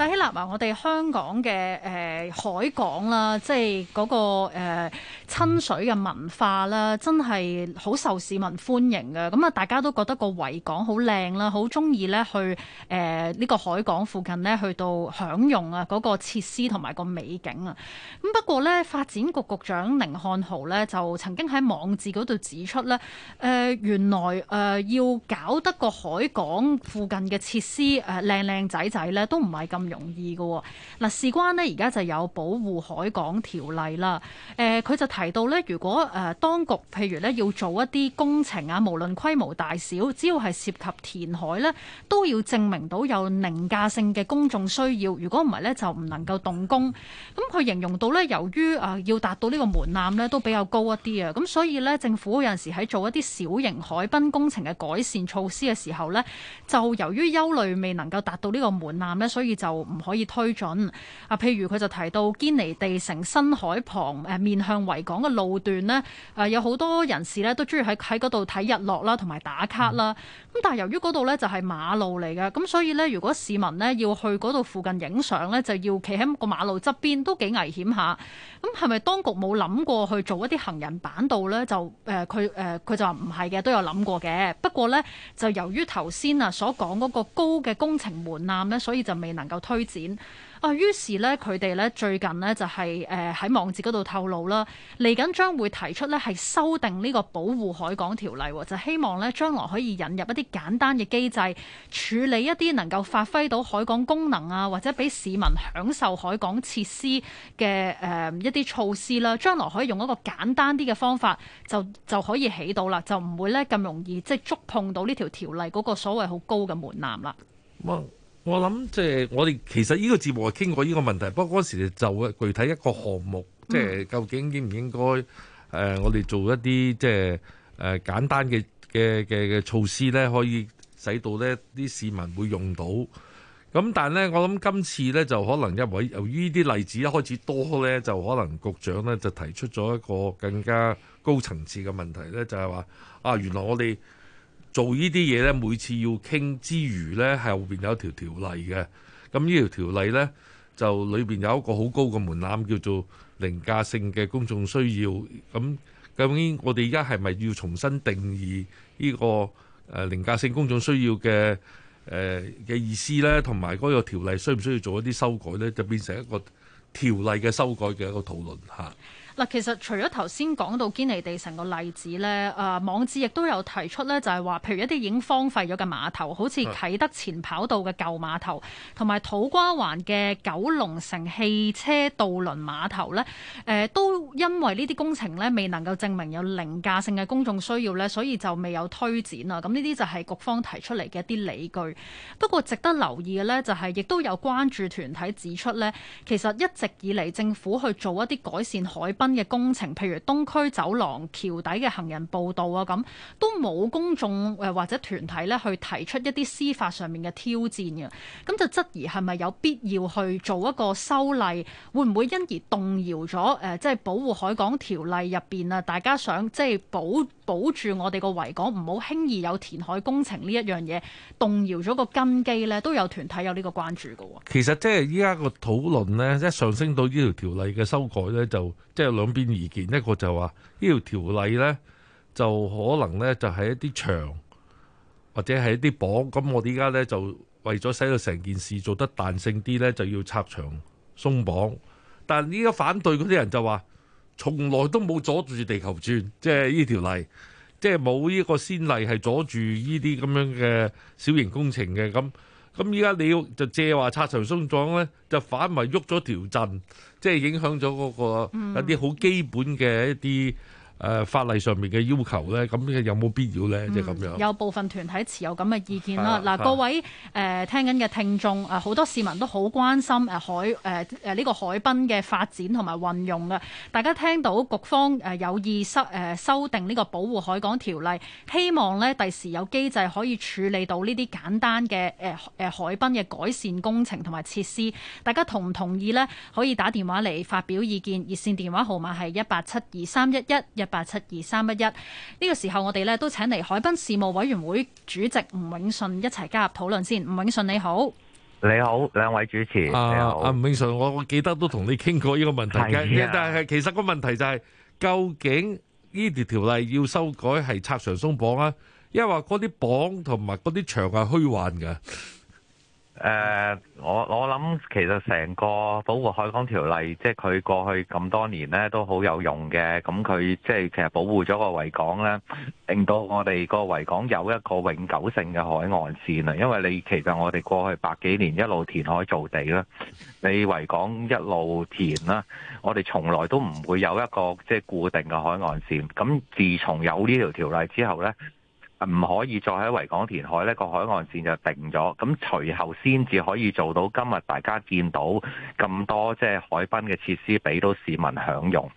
但係，嗱，埋我哋香港嘅誒、呃、海港啦，即係嗰、那個誒、呃、親水嘅文化啦，真係好受市民歡迎嘅。咁啊，大家都覺得個維港好靚啦，好中意咧去誒呢、呃這個海港附近咧去到享用啊嗰個設施同埋個美景啊。咁不過咧，發展局局長寧漢豪咧就曾經喺網誌嗰度指出咧，誒、呃、原來誒、呃、要搞得個海港附近嘅設施誒、呃、靚靚仔仔咧，都唔係咁容易嘅嗱，事關呢，而家就有保護海港條例啦。誒、呃，佢就提到呢，如果誒、呃、當局譬如呢要做一啲工程啊，無論規模大小，只要係涉及填海呢，都要證明到有凌駕性嘅公眾需要。如果唔係呢，就唔能夠動工。咁、嗯、佢形容到呢，由於啊、呃、要達到呢個門檻呢，都比較高一啲啊。咁所以呢，政府有陣時喺做一啲小型海濱工程嘅改善措施嘅時候呢，就由於憂慮未能夠達到呢個門檻呢，所以就唔可以推進啊！譬如佢就提到堅尼地城新海旁誒、呃、面向維港嘅路段呢，誒、呃、有好多人士呢都中意喺喺嗰度睇日落啦，同埋打卡啦。咁但係由於嗰度呢就係、是、馬路嚟嘅，咁所以呢，如果市民呢要去嗰度附近影相呢，就要企喺個馬路側邊，都幾危險下。咁係咪當局冇諗過去做一啲行人板道呢？就誒佢誒佢就話唔係嘅，都有諗過嘅。不過呢，就由於頭先啊所講嗰個高嘅工程門檻呢，所以就未能夠。推展啊，於是咧，佢哋咧最近呢就係誒喺網頁嗰度透露啦，嚟緊將會提出咧係修訂呢個保護海港條例，啊、就希望咧將來可以引入一啲簡單嘅機制，處理一啲能夠發揮到海港功能啊，或者俾市民享受海港設施嘅誒、呃、一啲措施啦、啊。將來可以用一個簡單啲嘅方法，就就可以起到啦，就唔會咧咁容易即係、就是、觸碰到呢條條例嗰個所謂好高嘅門檻啦。我諗即係我哋其實呢個節目係傾過呢個問題，不過嗰時就具體一個項目，即係究竟應唔應該誒我哋做一啲即係誒簡單嘅嘅嘅措施呢，可以使到呢啲市民會用到。咁但係呢，我諗今次呢就可能因為由於啲例子開始多呢，就可能局長呢就提出咗一個更加高層次嘅問題呢就係話啊原來我哋。做呢啲嘢呢，每次要傾之餘係後面有一條條例嘅。咁呢條條例呢，就裏面有一個好高嘅門檻，叫做凌駕性嘅公眾需要。咁究竟我哋而家係咪要重新定義呢個誒凌駕性公眾需要嘅嘅、呃、意思呢？同埋嗰個條例需唔需要做一啲修改呢？就變成一個條例嘅修改嘅一個討論。其實除咗頭先講到堅尼地城個例子咧，誒網誌亦都有提出咧，就係話，譬如一啲已經荒廢咗嘅碼頭，好似啟德前跑道嘅舊碼頭，同埋土瓜灣嘅九龍城汽車渡輪碼頭咧，誒都因為呢啲工程咧，未能夠證明有凌駕性嘅公眾需要咧，所以就未有推展啊。咁呢啲就係局方提出嚟嘅一啲理據。不過值得留意嘅呢、就係，就係亦都有關注團體指出咧，其實一直以嚟政府去做一啲改善海濱嘅工程，譬如東區走廊橋底嘅行人步道啊，咁都冇公眾誒或者團體呢去提出一啲司法上面嘅挑戰嘅，咁就質疑係咪有必要去做一個修例，會唔會因而動搖咗誒，即係保護海港條例入面啊？大家想即係、就是、保保住我哋個維港唔好輕易有填海工程呢一樣嘢，動搖咗個根基咧，都有團體有呢個關注噶。其實即係依家個討論咧，一上升到呢條條例嘅修改咧，就即係兩邊意見，一個就話呢條條例咧就可能咧就係一啲牆或者係一啲綁，咁我哋依家咧就為咗使到成件事做得彈性啲咧，就要拆牆鬆綁。但係依家反對嗰啲人就話。從來都冇阻住地球轉，即係呢條例，即係冇呢個先例係阻住呢啲咁樣嘅小型工程嘅。咁咁依家你要就借話拆除鬆綁呢，就反為喐咗條震，即係影響咗嗰個有啲好基本嘅一啲。誒法例上面嘅要求咧，咁嘅有冇必要呢？即係咁樣，有部分團體持有咁嘅意見啦。嗱、啊啊，各位誒、呃、聽緊嘅聽眾，誒、呃、好多市民都好關心誒海誒誒呢個海濱嘅發展同埋運用啊。大家聽到局方誒、呃、有意收、呃、修誒修訂呢個保護海港條例，希望呢第時有機制可以處理到呢啲簡單嘅誒誒海濱嘅改善工程同埋設施。大家同唔同意呢？可以打電話嚟發表意見。熱線電話號碼係一八七二三一一八七二三一一，呢、這個時候我哋咧都請嚟海濱事務委員會主席吳永順一齊加入討論先。吳永順你好。你好，兩位主持。啊、你阿吳永順，我、啊、我記得都同你傾過呢個問題嘅、啊，但係其實個問題就係、是，究竟呢條條例要修改係拆牆鬆綁啊，亦或嗰啲綁同埋嗰啲牆係虛幻噶？誒、uh，我我諗，其實成個保護海港條例，即係佢過去咁多年咧，都好有用嘅。咁佢即係其實保護咗個維港咧，令到我哋個維港有一個永久性嘅海岸線啊。因為你其實我哋過去百幾年一路填海造地啦，你維港一路填啦，我哋從來都唔會有一個即係固定嘅海岸線。咁自從有呢條條例之後咧，唔可以再喺維港填海呢、呢個海岸線就定咗。咁隨後先至可以做到今日大家見到咁多即係、就是，海濱嘅設施俾到市民享用。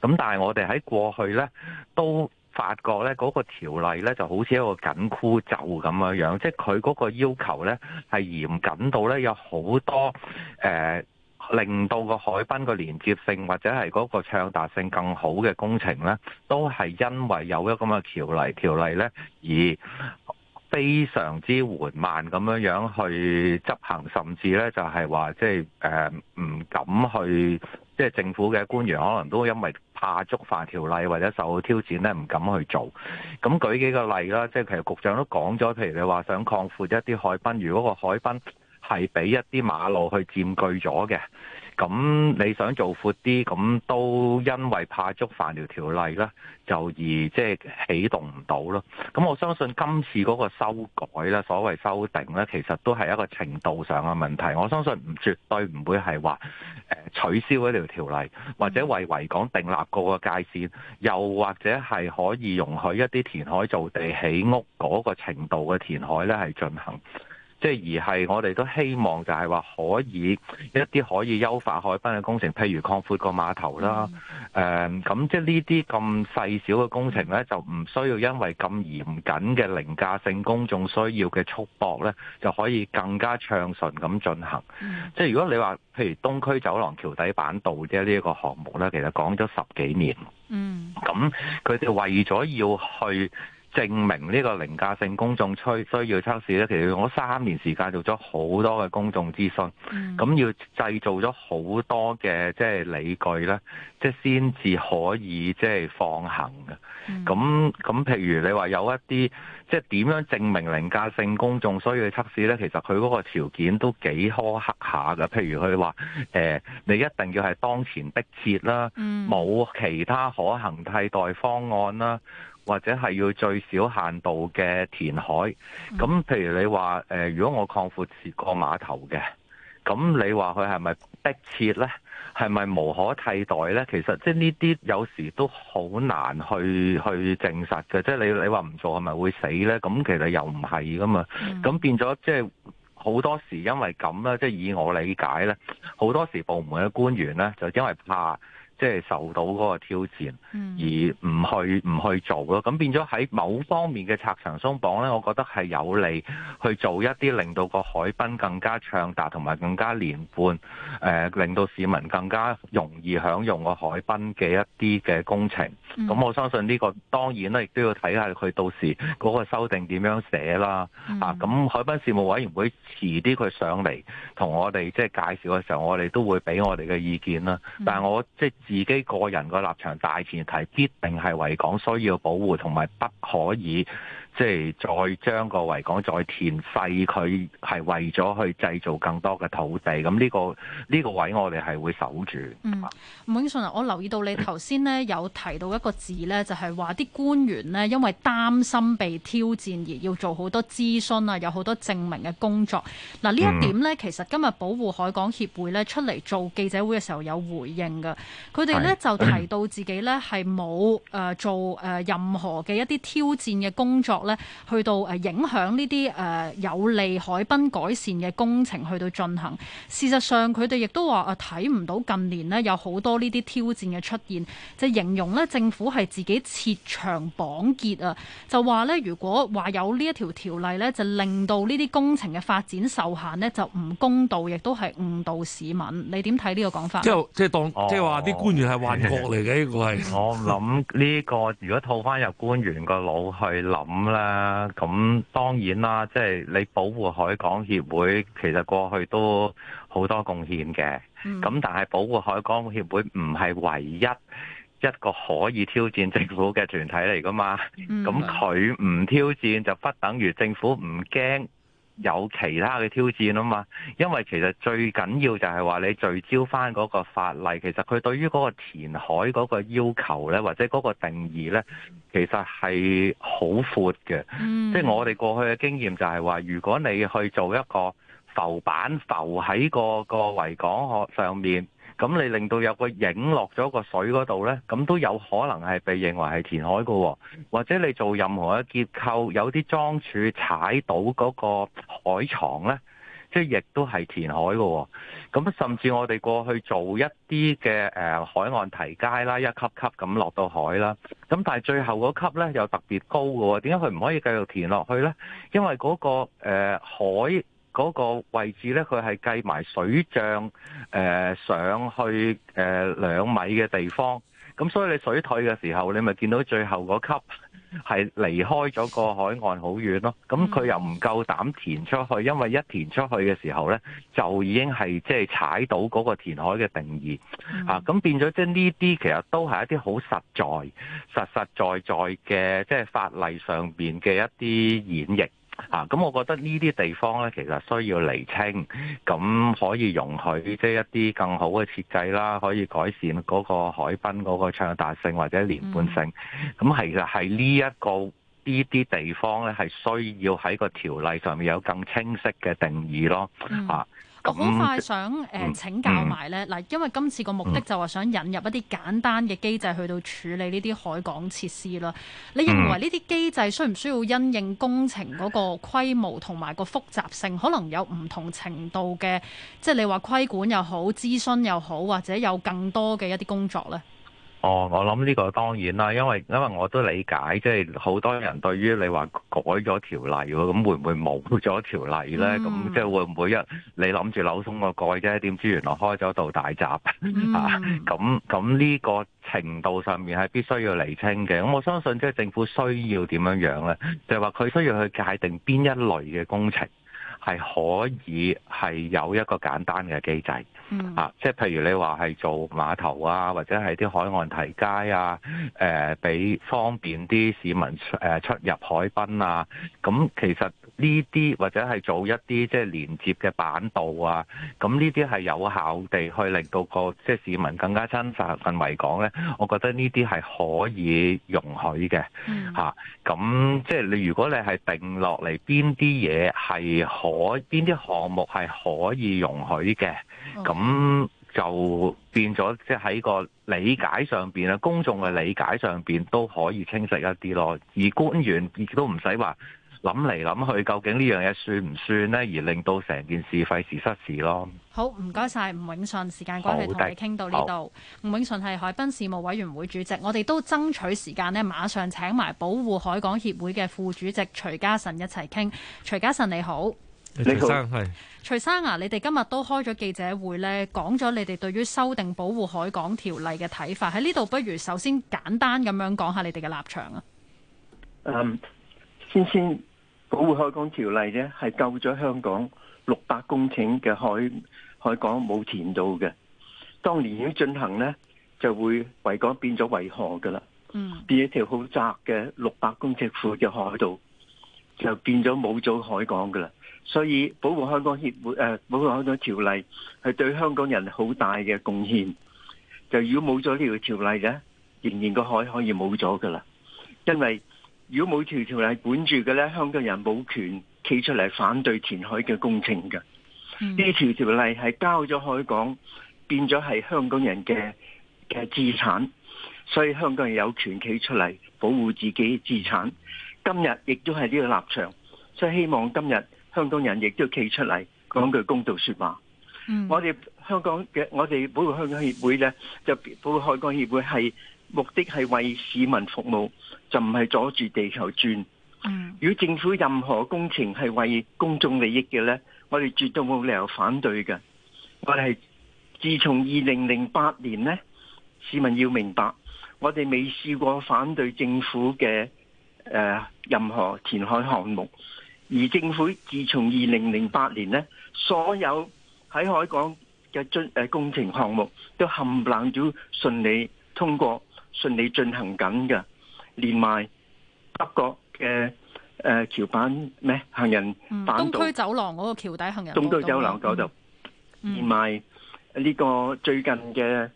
咁但係我哋喺過去呢都發覺呢，嗰個條例呢就好似一個緊箍咒咁樣樣，即係佢嗰個要求呢係嚴謹到呢有好多、呃令到個海濱個連接性或者係嗰個暢達性更好嘅工程呢，都係因為有咗咁嘅條例條例呢，而非常之緩慢咁樣樣去執行，甚至呢就係話即係誒唔敢去，即係政府嘅官員可能都因為怕觸犯條例或者受到挑戰呢，唔敢去做。咁舉幾個例啦，即係其實局長都講咗，譬如你話想擴闊一啲海濱，如果個海濱係俾一啲馬路去佔據咗嘅，咁你想做闊啲，咁都因為怕觸犯條條例啦，就而即係、就是、起動唔到咯。咁我相信今次嗰個修改啦，所謂修訂咧，其實都係一個程度上嘅問題。我相信唔絕對唔會係話取消嗰條條例，或者為維港訂立個界線，又或者係可以容許一啲填海造地起屋嗰個程度嘅填海呢，係進行。即係而係，我哋都希望就係話可以一啲可以優化海濱嘅工程，譬如擴闊個碼頭啦。誒、mm-hmm. 嗯，咁即係呢啲咁細小嘅工程呢，就唔需要因為咁嚴謹嘅凌駕性公眾需要嘅束縛呢，就可以更加暢順咁進行。即、mm-hmm. 係如果你話，譬如東區走廊橋底板道啫，呢一個項目呢，其實講咗十幾年。Mm-hmm. 嗯。咁佢哋為咗要去。證明呢個凌駕性公眾吹需要測試咧？其實用咗三年時間做咗好多嘅公眾諮詢，咁、嗯、要製造咗好多嘅即係理據咧，即係先至可以即係放行嘅。咁、嗯、咁譬如你話有一啲即係點樣證明凌駕性公眾需要測試咧？其實佢嗰個條件都幾苛刻下㗎。譬如佢話誒，你一定要係當前逼切啦，冇、嗯、其他可行替代方案啦。或者係要最少限度嘅填海，咁譬如你話誒、呃，如果我擴闊個碼頭嘅，咁你話佢係咪迫切呢？係咪無可替代呢？其實即係呢啲有時都好難去去證實嘅，即係你你話唔做係咪會死呢？咁其實又唔係噶嘛，咁變咗即係好多時因為咁啦，即係以我理解呢，好多時部門嘅官員呢，就因為怕。即係受到嗰個挑戰，而唔去唔去做咯，咁變咗喺某方面嘅拆牆鬆綁呢，我覺得係有利去做一啲令到個海濱更加暢達同埋更加連貫，誒、呃、令到市民更加容易享用個海濱嘅一啲嘅工程。咁我相信呢個當然咧，亦都要睇下佢到時嗰個修訂點樣寫啦。嗯、啊，咁海濱事務委員會遲啲佢上嚟同我哋即係介紹嘅時候，我哋都會俾我哋嘅意見啦。嗯、但係我即自己個人嘅立場，大前提必定係維港需要保護，同埋不可以。即係再將個維港再填細，佢係為咗去製造更多嘅土地。咁呢、呢個呢、呢個位，我哋係會守住。嗯，吳永順啊，我留意到你頭先咧有提到一個字咧，就係話啲官員咧因為擔心被挑戰而要做好多諮詢啊，有好多證明嘅工作。嗱、啊、呢一點咧，其實今日保護海港協會咧出嚟做記者會嘅時候有回應嘅，佢哋咧就提到自己咧係冇誒做誒、呃、任何嘅一啲挑戰嘅工作去到誒影響呢啲誒有利海濱改善嘅工程去到進行，事實上佢哋亦都話誒睇唔到近年呢有好多呢啲挑戰嘅出現，就形容呢政府係自己設長綁結啊，就話呢，如果話有呢一條條例呢，就令到呢啲工程嘅發展受限呢，就唔公道，亦都係誤導市民。你點睇呢個講法？即係即係當、哦、即係話啲官員係幻覺嚟嘅呢個係。我諗呢個如果套翻入官員個腦去諗。啦，咁當然啦，即係你保護海港協會，其實過去都好多貢獻嘅。咁、嗯、但係保護海港協會唔係唯一一個可以挑戰政府嘅團體嚟㗎嘛？咁佢唔挑戰就不等於政府唔驚。有其他嘅挑戰啊嘛，因為其實最緊要就係話你聚焦翻嗰個法例，其實佢對於嗰個填海嗰個要求咧，或者嗰個定義咧，其實係好闊嘅。嗯，即係就係我哋過去嘅經驗就係話如果你去做一個浮板浮喺個個維港殼上面。咁你令到有個影落咗個水嗰度呢，咁都有可能係被認為係填海㗎喎。或者你做任何嘅結構有啲樁柱踩到嗰個海床呢，即係亦都係填海㗎喎。咁甚至我哋過去做一啲嘅海岸堤階啦，一級級咁落到海啦，咁但係最後嗰級呢，又特別高㗎喎，點解佢唔可以繼續填落去呢？因為嗰、嗰個、呃、海。嗰、那個位置呢，佢係計埋水漲誒、呃、上去誒、呃、兩米嘅地方，咁所以你水退嘅時候，你咪見到最後嗰級係離開咗個海岸好遠咯。咁佢又唔夠膽填出去，因為一填出去嘅時候呢，就已經係即係踩到嗰個填海嘅定義咁，嗯啊、變咗即係呢啲其實都係一啲好實在、實實在在嘅即係法例上面嘅一啲演繹。啊，咁我覺得呢啲地方咧，其實需要釐清，咁可以容許即係、就是、一啲更好嘅設計啦，可以改善嗰個海濱嗰個暢達性或者連貫性。咁、嗯啊、其實係呢一個呢啲地方咧，係需要喺個條例上面有更清晰嘅定義咯，啊、嗯。我好快想誒請教埋咧，嗱，因為今次個目的就係想引入一啲簡單嘅機制去到處理呢啲海港設施啦。你認為呢啲機制需唔需要因應工程嗰個規模同埋個複雜性，可能有唔同程度嘅，即係你話規管又好、諮詢又好，或者有更多嘅一啲工作咧？哦，我諗呢個當然啦，因為因為我都理解，即係好多人對於你話改咗條例，咁會唔會冇咗條例咧？咁即係會唔會一你諗住扭鬆個蓋啫？點知原來開咗道大閘，mm. 啊？咁咁呢個程度上面係必須要厘清嘅。咁我相信即係政府需要點樣樣咧，就係話佢需要去界定邊一類嘅工程。係可以係有一個簡單嘅機制，嗯、啊，即係譬如你話係做碼頭啊，或者係啲海岸堤街啊，誒、呃，俾方便啲市民出入海濱啊。咁其實呢啲或者係做一啲即係連接嘅板道啊，咁呢啲係有效地去令到個即係、就是、市民更加親實氛圍講咧，我覺得呢啲係可以容許嘅，嚇、嗯。咁即係你如果你係定落嚟邊啲嘢係可。我邊啲項目係可以容許嘅，咁就變咗，即係喺個理解上邊啊，公眾嘅理解上邊都可以清晰一啲咯。而官員亦都唔使話諗嚟諗去，究竟呢樣嘢算唔算呢？而令到成件事費時失事咯。好，唔該晒。吳永順，時間關係同你傾到呢度。吳永順係海濱事務委員會主席，我哋都爭取時間呢，馬上請埋保護海港協會嘅副主席徐嘉慎一齊傾。徐嘉慎你好。.徐生係，徐生啊，你哋今日都開咗記者會咧，講咗你哋對於修訂保護海港條例嘅睇法。喺呢度，不如首先簡單咁樣講下你哋嘅立場啊。嗯、um，先先保護海港條例咧，係救咗香港六百公頃嘅海海港冇填到嘅。當年已經進行咧，就會維港變咗維河噶啦。嗯，變一條好窄嘅六百公尺闊嘅海道，就變咗冇咗海港噶啦。所以保護海港協會，誒，保護海港條例係對香港人好大嘅貢獻。就如果冇咗呢個條例嘅，仍然個海可以冇咗噶啦。因為如果冇條條例管住嘅咧，香港人冇權企出嚟反對填海嘅工程嘅。呢條條例係交咗海港變咗係香港人嘅嘅資產，所以香港人有權企出嚟保護自己的資產。今日亦都係呢個立場，所以希望今日。香港人亦都企出嚟講句公道説話。嗯、我哋香港嘅我哋保護香港協會呢，就保護海港協會係目的係為市民服務，就唔係阻住地球轉。嗯。如果政府任何工程係為公眾利益嘅呢，我哋絕對冇理由反對嘅。我哋係自從二零零八年呢，市民要明白，我哋未試過反對政府嘅、呃、任何填海項目。而政府自從二零零八年咧，所有喺海港嘅進誒工程項目，都冚唪唥都順利通過，順利進行緊㗎。連埋北角嘅誒橋板咩行人板道，東區走廊嗰個橋底行人，東區走廊嗰度，連埋呢個最近嘅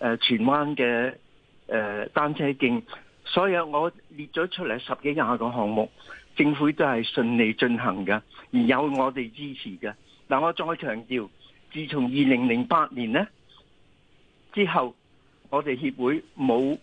誒荃灣嘅誒單車徑，所以我列咗出嚟十幾廿個項目。政府都係順利進行嘅，而有我哋支持嘅。嗱，我再強調，自從二零零八年呢之後，我哋協會冇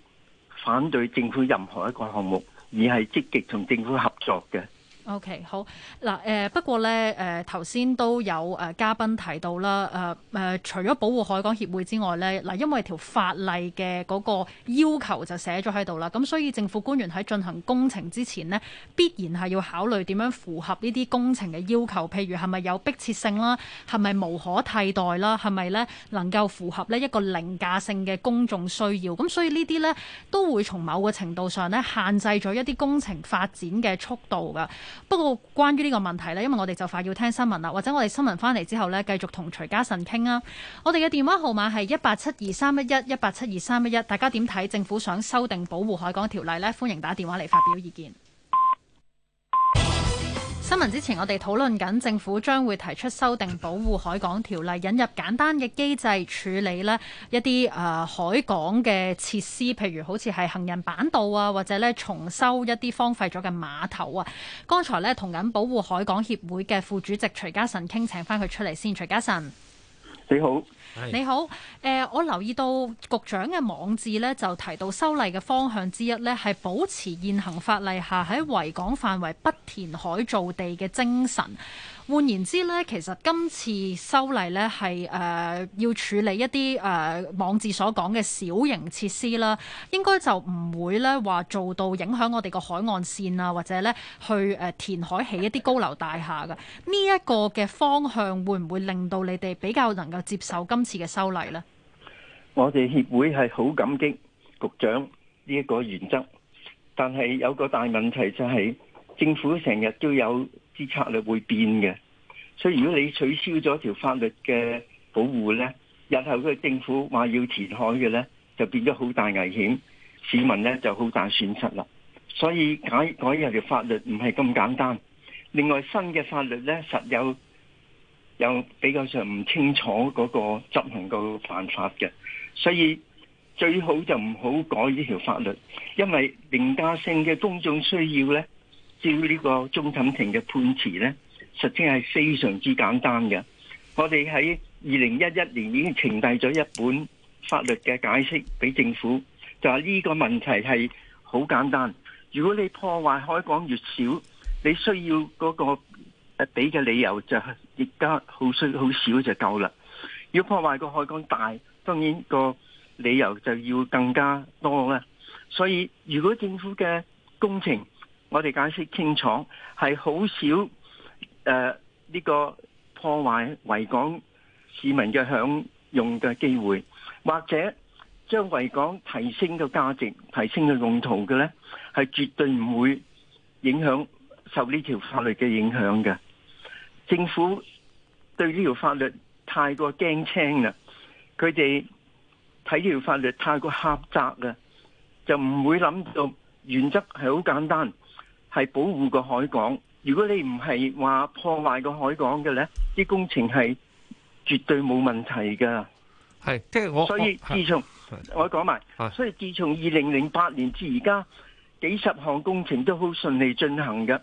反對政府任何一個項目，而係積極同政府合作嘅。OK，好嗱，呃，不過咧，誒頭先都有誒嘉賓提到啦，誒、呃呃、除咗保護海港協會之外咧，嗱，因為條法例嘅嗰個要求就寫咗喺度啦，咁所以政府官員喺進行工程之前呢，必然係要考慮點樣符合呢啲工程嘅要求，譬如係咪有迫切性啦，係咪無可替代啦，係咪咧能夠符合呢一個凌駕性嘅公眾需要，咁所以呢啲咧都會從某個程度上咧限制咗一啲工程發展嘅速度噶。不過關於呢個問題咧，因為我哋就快要聽新聞啦，或者我哋新聞翻嚟之後咧，繼續同徐嘉慎傾啊。我哋嘅電話號碼係一八七二三一一一八七二三一一，大家點睇？政府想修訂保護海港條例咧？歡迎打電話嚟發表意見。新聞之前，我哋討論緊政府將會提出修訂保護海港條例，引入簡單嘅機制處理咧一啲誒、呃、海港嘅設施，譬如好似係行人板道啊，或者咧重修一啲荒廢咗嘅碼頭啊。剛才咧同緊保護海港協會嘅副主席徐嘉慎傾，請返佢出嚟先，徐嘉慎。你好。你好，呃，我留意到局長嘅網誌呢，就提到修例嘅方向之一呢，係保持現行法例下喺維港範圍不填海造地嘅精神。換言之咧，其實今次修例咧係誒要處理一啲誒、呃、網誌所講嘅小型設施啦，應該就唔會咧話做到影響我哋個海岸線啊，或者咧去誒填海起一啲高樓大廈㗎。呢、這、一個嘅方向會唔會令到你哋比較能夠接受今次嘅修例呢？我哋協會係好感激局長呢一個原則，但係有個大問題就係政府成日都有。之策略會變嘅，所以如果你取消咗條法律嘅保護呢，日後佢政府話要填海嘅呢，就變咗好大危險，市民呢就好大損失啦。所以改改條條法律唔係咁簡單。另外新嘅法律呢實有有比較上唔清楚嗰個執行個辦法嘅，所以最好就唔好改呢條法律，因為凌駕性嘅公眾需要呢。照呢個終審庭嘅判詞呢，實際係非常之簡單嘅。我哋喺二零一一年已經呈遞咗一本法律嘅解釋俾政府，就話呢個問題係好簡單。如果你破壞海港越少，你需要嗰個誒俾嘅理由就係亦都好需好少就夠啦。要破壞個海港大，當然個理由就要更加多啦。所以如果政府嘅工程，我哋解釋清楚，係好少誒呢、呃呢個破壞維港市民嘅享用嘅機會，或者將維港提升嘅價值、提升嘅用途嘅呢，係絕對唔會影響受呢條法律嘅影響嘅。政府對呢條法律太過驚青啦，佢哋睇呢條法律太過狹窄啊，就唔會諗到原則係好簡單。係保護個海港。如果你唔係話破壞個海港嘅呢啲工程係絕對冇問題噶。係，即係我。所以自從我講埋，所以自從二零零八年至而家，幾十項工程都好順利進行噶。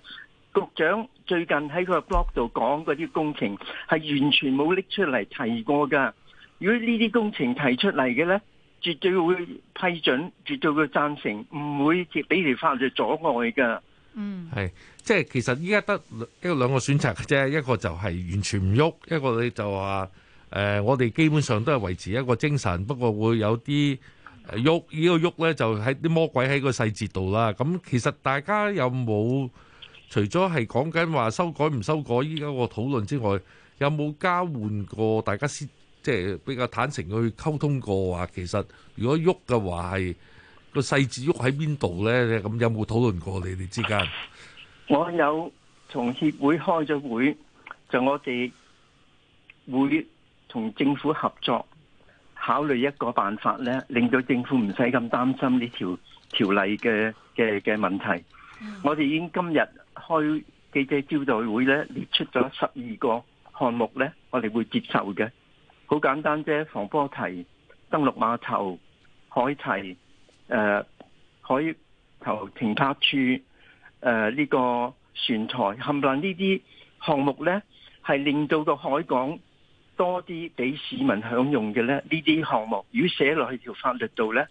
局長最近喺佢個 blog 度講嗰啲工程係完全冇拎出嚟提過噶。如果呢啲工程提出嚟嘅呢，絕對會批准，絕對會贊成，唔會俾條法律阻礙噶。嗯，係，即係其實依家得一個兩個選擇嘅啫，一個就係完全唔喐，一個你就話、是，誒、呃，我哋基本上都係維持一個精神，不過會有啲喐，這個、呢個喐咧就喺啲魔鬼喺個細節度啦。咁其實大家有冇除咗係講緊話修改唔修改依家個討論之外，有冇交換過大家先，即係比較坦誠去溝通過話，其實如果喐嘅話係。個細節喐喺邊度咧？咁有冇討論過你哋之間？我有從協會開咗會，就我哋會同政府合作，考慮一個辦法呢，令到政府唔使咁擔心呢條條例嘅嘅嘅問題。 我哋已經今日開記者招待會呢，列出咗十二個項目呢，我哋會接受嘅。好簡單啫，防波堤、登陸碼頭、海堤。誒、呃，海頭停泊處誒、呢、呃這個船台、冚唪唥呢啲項目咧，係令到個海港多啲俾市民享用嘅咧。呢啲項目如果寫落去條法律度咧，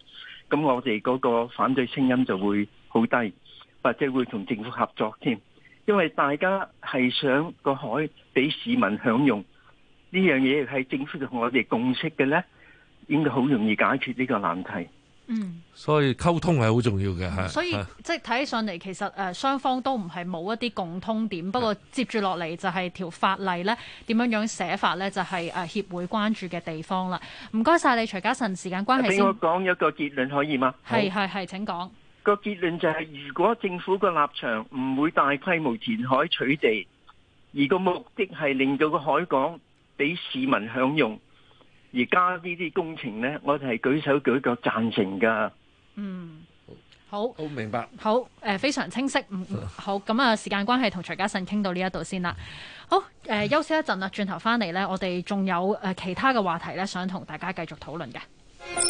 咁我哋嗰個反對聲音就會好低，或者會同政府合作添。因為大家係想個海俾市民享用呢樣嘢，係政府同我哋共識嘅咧，應該好容易解決呢個難題。嗯，所以溝通係好重要嘅嚇。所以即係睇起上嚟，其實誒、呃、雙方都唔係冇一啲共通點，不過接住落嚟就係條法例咧點樣樣寫法咧，就係、是、誒、呃、協會關注嘅地方啦。唔該晒你，徐嘉慎，時間關係先。俾我講一個結論可以嗎？係係係，請講。個結論就係、是，如果政府個立場唔會大規模填海取地，而個目的係令到個海港俾市民享用。而家呢啲工程呢，我哋係舉手舉腳贊成噶。嗯，好，好，好明白，好，誒非常清晰。嗯，嗯，好，咁啊，時間關係，同徐嘉慎傾到呢一度先啦。好，誒、呃、休息一陣啦，轉頭翻嚟呢，我哋仲有誒其他嘅話題呢，想同大家繼續討論嘅。